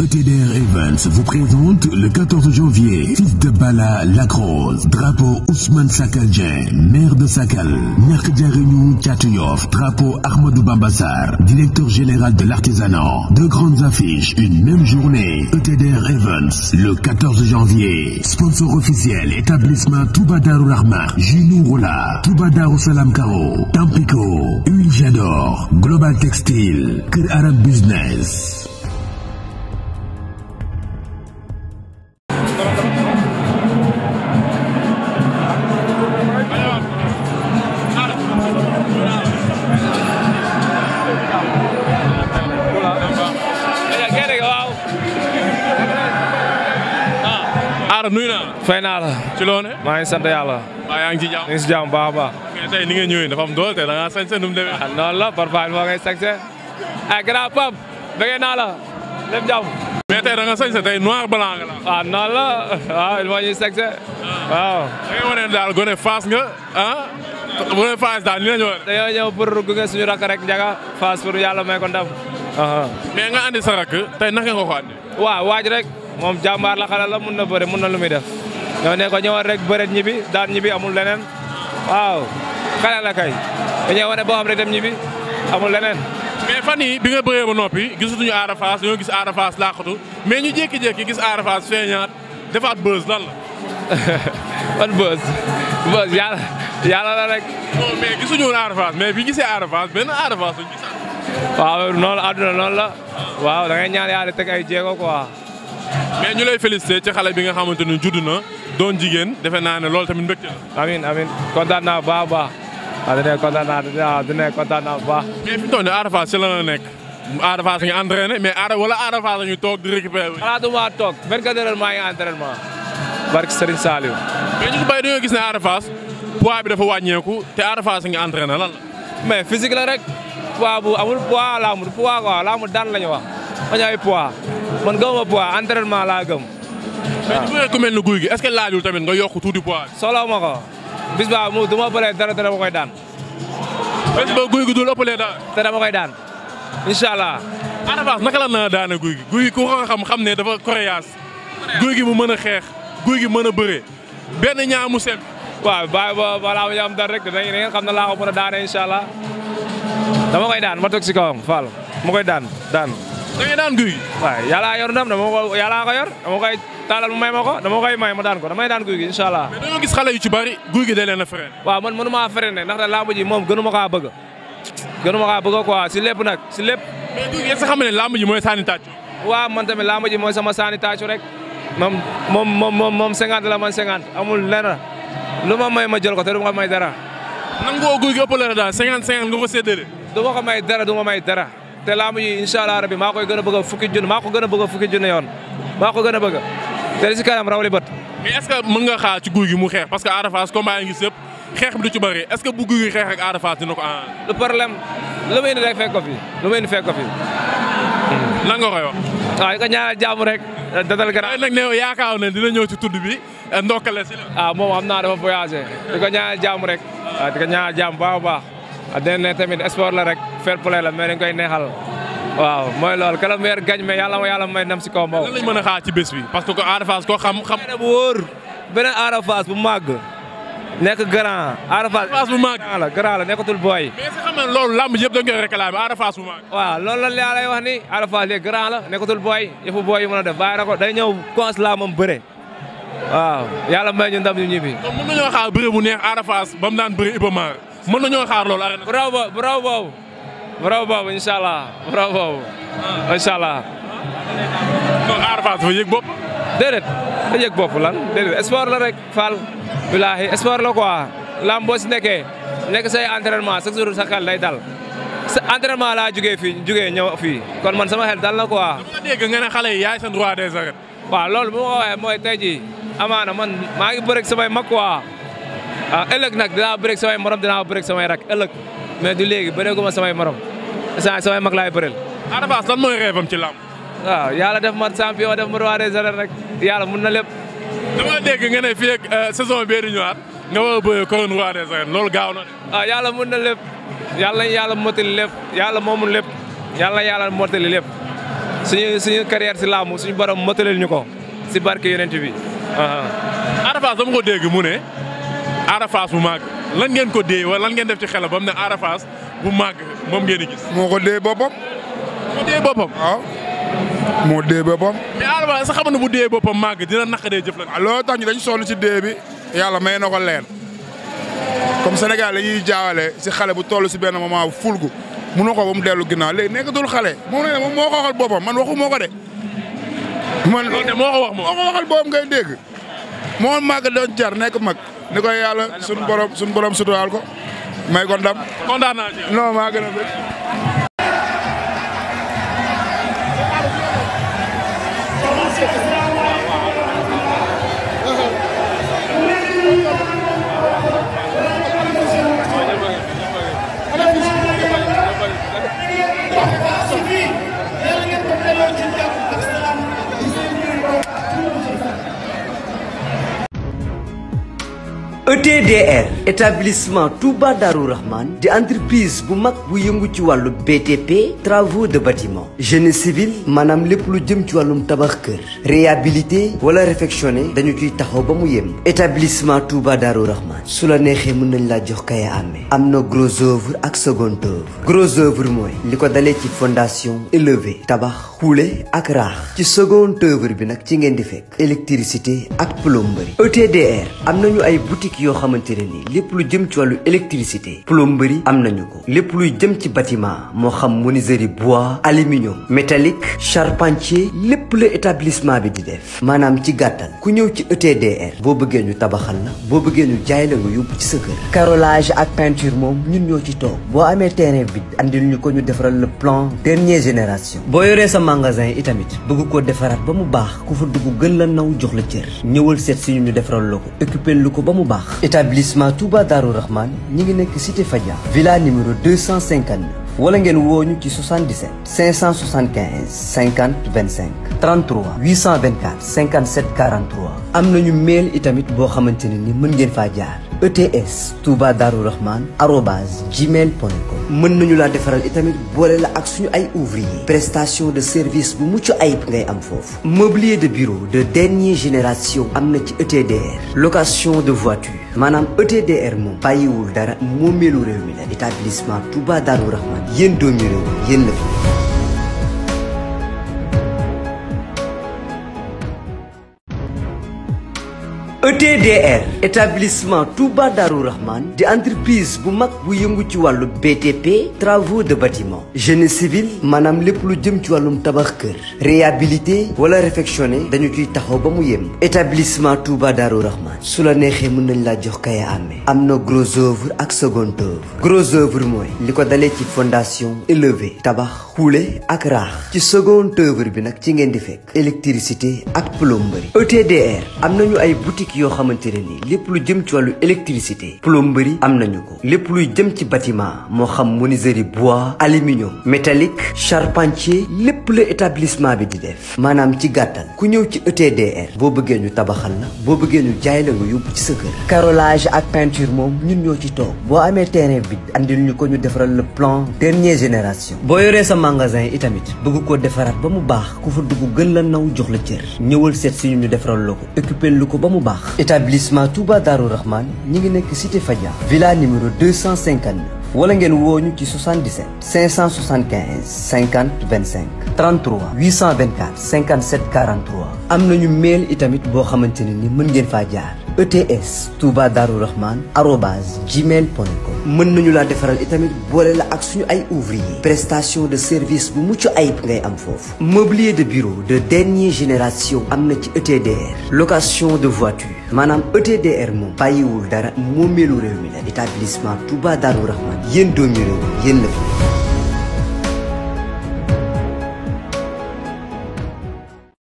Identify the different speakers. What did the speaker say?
Speaker 1: ETDR Events vous présente le 14 janvier, fils de Bala Lacrosse, drapeau Ousmane Sakaljen, maire de Sakal, Réunion Tchatouyov, drapeau Ahmadou Bambassar, directeur général de l'artisanat. Deux grandes affiches, une même journée, ETDR Events, le 14 janvier, sponsor officiel, établissement Toubadar Rahmar, Junou Rola, Toubadar Salam Karo, Tampico, Huile Global Textile, Kir Arab Business.
Speaker 2: fay naa la ci loone maa ngi sant yàlla waa yaa ci jàmm ngi ci jàmm baax baax tey ni nga ñëwee dafa am doole da ngaa sañse nu mu demee la parfois il faut ngay sañse ay grand pap bëggee naa la lépp jàmm mais da nga noir blanc nga la la il waaw gone nga ah gone faas daal ni la ñëw dañoo ñëw pour gunge suñu rakk rek njaga faas pour yàlla may ko ndam mais nga andi sa rakk tey naka nga ko andi waaw waaj rek la la na na lu muy def ñoo ne ko ñëwal rek bëreet ñibi daan ñibi amul leneen waaw xale la kay dañoo wane boo xam rek dem ñibi amul leneen. mais fan yi bi nga bëree ba noppi gisatuñu Ada Fass dañoo gis Ada Fass laaxatu mais ñu jékki-jékki gis Ada Fass feeñaat defaat buzz lan la. ban buzz buzz rek. non mais gisuñu woon Ada bi gise Ada Fass benn Ada Fass lañu waaw noonu la àdduna noonu la waaw da ngay ñaan yàlla teg ay jéego quoi. mais ñu lay félicité ci xale bi nga xamante ni judd na doon jigéen defe naa ne loolu tamit mbégte la. amiin amiin kontaan naa bu baax a baax. waaw dinañ kontaan naa waaw dinañ kontaan naa bu baax. mais fi mu toll nii Ada Fass si la la nekk. Ada Fass nga entraîné mais Ada wala Ada Fass la ñu toog di récupérer. xalaatuma toog 24 heures maa ngi entraînement. barke Serigne Saliou. mais ñu bay gis ne Ada Fass bi dafa wàññeeku te Ada Fass nga entraîné lan la. mais physique la rek. poids bu amul poids la la ñu wax. ma ñu man gaw ma poids entraînement laa gëm. waaw mais ku mel ni guy gi est-ce que tamit nga yokk tuuti poids. soxla ma ko bis ba mu du ma bëree dara dara ma daan. bis ba guy gi du ëppalee daan. te dama koy daan incha allah. Ada Fass daane guy gi guy gi ku ko xam xam ne dafa coréas guy gi mu mën a xeex guy gi mën a bëree benn ñaar mu set. waa bàyyi ba balaa ma ñu am dara rek dinañ ngeen xam ne laa ko mën a daane incha allah dama koy daan ma koy daan daan. da ngay daan guy waaye yàllaa yor ndam dama ko yàllaa ko yor dama koy taalal mu may ma dama koy may ma daan ko damay daan guy gi incha allah. mais gis xale yu ci bari guy gi day leen a freiné. man mënu maa ndax nag làmb ji moom gënu ma bëgg gënu ma bëgg quoi si lépp nag si lépp. mais guy ji man ji sama saani tàccu rek moom moom moom moom 50 la man 50 amul lera, lu may ma jël ko te du may dara. nangoo guy gi ëppale la 50 50 nga ko séddale. du ko may dara may dara te laamu yi incha allah rabi maa koy gën a bëgg a fukki junni maa ko gën a bëgg a fukki junni yoon maa ko gën a bëgg te li si bët mais est ce que nga xaar ci guy mu xeex parce que Ada Fass combat yi ngi sëpp xeex bi du ci bëri est ce que bu guy xeex ak Ada Fass dina lu muy indi rek fekk ko fi lu muy indi fekk ko fi. lan nga koy wax. ñaanal jàmm rek. dadal gannaaw nag ne yaakaar ne dina ñëw ci tudd bi ndokkale si la. ah moom am naa dafa voyagé di ko rek. Ah, a baax. ah dinañ ne la rek fair play la mais dañ koy neexal waaw mooy loolu que le meilleur gagne mais ma yàlla may nam si combat. lan a xaar ci bés bi parce que Ada Fass koo xam xam. bu wóor beneen Ada Fass bu màgg nekk grand. Ada Fass bu màgg grand la grand la nekkatul booy. mais si xam nga loolu làmb yëpp dañ koy réclamer Ada Fass bu màgg. waaw loolu la yaa lay wax ni Ada Fass léegi grand a waaw yàlla may ñu ndam ñu ñibbi. kon xaar bëre bu neex Ada Fass ba mu daan bëre Ibamar mën nañoo xaar loolu. bu raw Bravo, inshallah. Bravo. Inshallah. kon Arafat fa yëg bopp. déedéet da yëg bopp lan déedéet sport la rek Fall. bilaahi sport la quoi lam boo si nekkee nekk say entraînement chaque jour sa xel day dal. sa entraînement laa jugee fii jugee ñëw fii kon man sama xel dal na quoi. dama dégg nga ne xale yaay seen droit, des arènes. waaw loolu bu ma ko waxee mooy tey man maa ngi bëreeg samay mag quoi ah ëllëg nag morom dina, bëreeg sama, rak Elek. mais du léegi bëreeguma samay morom. instant samay laay bëreel. Ada Fass lan mooy rêve ci làmb. waaw yàlla def ma champion def rek yàlla mun na lépp. dama dégg nga ne fii ak euh, saison bee di ñëwaat nga war a bëre couronne roi des gaaw na de. waaw ah, yàlla mun na lépp yàlla yàlla motali lépp yàlla moomul lépp yàlla yàlla motali lépp suñu suñu carrière si làmb suñu borom motalil ñu ko si barke yonent bi. Uh-huh. Ada Fass dama ko dégg mu ne Ada Fass lan ngeen ko dee wala lan ngeen def ci xel ba bu màgg moom ngeen di gis. moo ko dee boppam. moo dee boppam. waaw
Speaker 1: moo dee boppam. mais
Speaker 2: Adama sa xam ne bu dee boppam màgg dina naqadee jëf la. Ah, loolu tax ñu dañ sonn ci dee bi yàlla may na ko leen comme Sénégal la ñuy jaawale si xale bu toll si benn moment bu fulgu munoo ko ba mu dellu ginnaaw léegi nekkatul xale moom la ne moo ko waxal boppam man waxu moo ko de. man loolu moo ko wax boppam ngay dégg. moo màgg doon jar nekk mag ni koy yàlla suñu borom suñu borom suturaal ko. may ko non maa gën a bëgg.
Speaker 1: EDR établissement Touba Darou Rahman de entreprise bu mag bu yëngu ci BTP travaux de bâtiment génie civil maanaam lépp lu jëm ci wàllum tabax kër réhabilité wala réfectionné dañu ciy taxaw ba mu établissement Touba Darou Rahman su la neexee mën nañ laa jox gros œuvre ak second œuvre gros œuvre moi. li ko dalee ci fondation élevée tabax Koule ak Raax ci seconde œuvre bi nak ci ngeen di fekk électricité ak plomberie ETDR am nañu ay boutique yo xamante ni lepp lu jëm ci wàllu électricité plomberie am nañu ko lepp lu jëm ci bâtiment mo xam menuiserie bois aluminium métallique charpentier lepp le établissement bi di def manam ci gattal ku ñew ci ETDR bo bëggee ñu tabaxal la bo bëggee ñu jaay la nga yóbbu ci sa kër carrelage ak peinture mom ñun ñoo ci tok bo amé terrain vide andil ñu ko ñu defaral le plan dernière génération bo yoré sa magasin itamit bëgg ko defaraat ba mu baax ku fa dugg gën la naw jox la cër ñëwal seet suñu ñu defaral la ko occupé lu ko ba mu baax établissement Touba Darou Rahman ñi ngi nekk cité Fadia villa numéro 259 wala ngeen woo ñu ci 77 575 50 25 33 824 57 43 am nañu mail itamit boo xamante ne ni mën ngeen faa jaar ETS Touba Darou Rahman arobase gmail.com mën nañu laa defaral itamit boole la ak suñu ay ouvrier prestation de service bu muccu ayib ngay am mobilier de bureau de dernière génération amna ci ETDR location de voiture MANAM ETDR moom bàyyiwul dara moomeelu rew mi la établissement Tuba Darou Rahman yéen doomi ETDR établissement Touba Darou Rahman de entreprise bu mag bu BTP travaux de bâtiment génie civil manamle lépp lu jëm ci réhabilité wala réfectionné dañu ciy établissement Touba Darou Rahman Soula la neige mën nañ la jox am gros œuvre ak second gros œuvre moi fondation élevée tabac houle ak raax ci second œuvre bi tingendifek. électricité ak plomberie ETDR amno ay boutique boutique yoo xamante ne lu jëm ci électricité plomberie am les ko lépp luy jëm ci bâtiment xam menuiserie bois aluminium métallique charpentier les la établissement bi di def maanaam ci gàttal ku ñëw ci ETDR boo bëggee ñu tabaxal la boo bëggee ñu jaay la nga ci carrelage ak peinture mom, ñun ñoo ci toog boo amee terrain bi andil ñu ko ñu le plan dernière génération bo yoree sa magasin itamit bëgg koo defaraat ba mu baax ku fa dugg gën la naw jox la si ñu defaral la ko occupé lu ko ba mu baax baax établissement Touba Darou Rahman ñi ngi nekk cité Fadia villa numéro 259 wala ngeen wooñu ci 77 575 50 25 33 824 57 43 am nañu mail itamit boo xamante ne ni mën ngeen faa jaar ETS Touba Darou Rahman arobase gmail.com mën nañu laa defaral itamit boole la ak suñu ay prestation de service bu mucc ayib ngay am foofu mobilier de bureau de dernière génération am ci ETDR location de voiture Madame ETDR moom bàyyiwul dara moomeelu réew mi la établissement Touba Darou Rahman yéen doomi réew la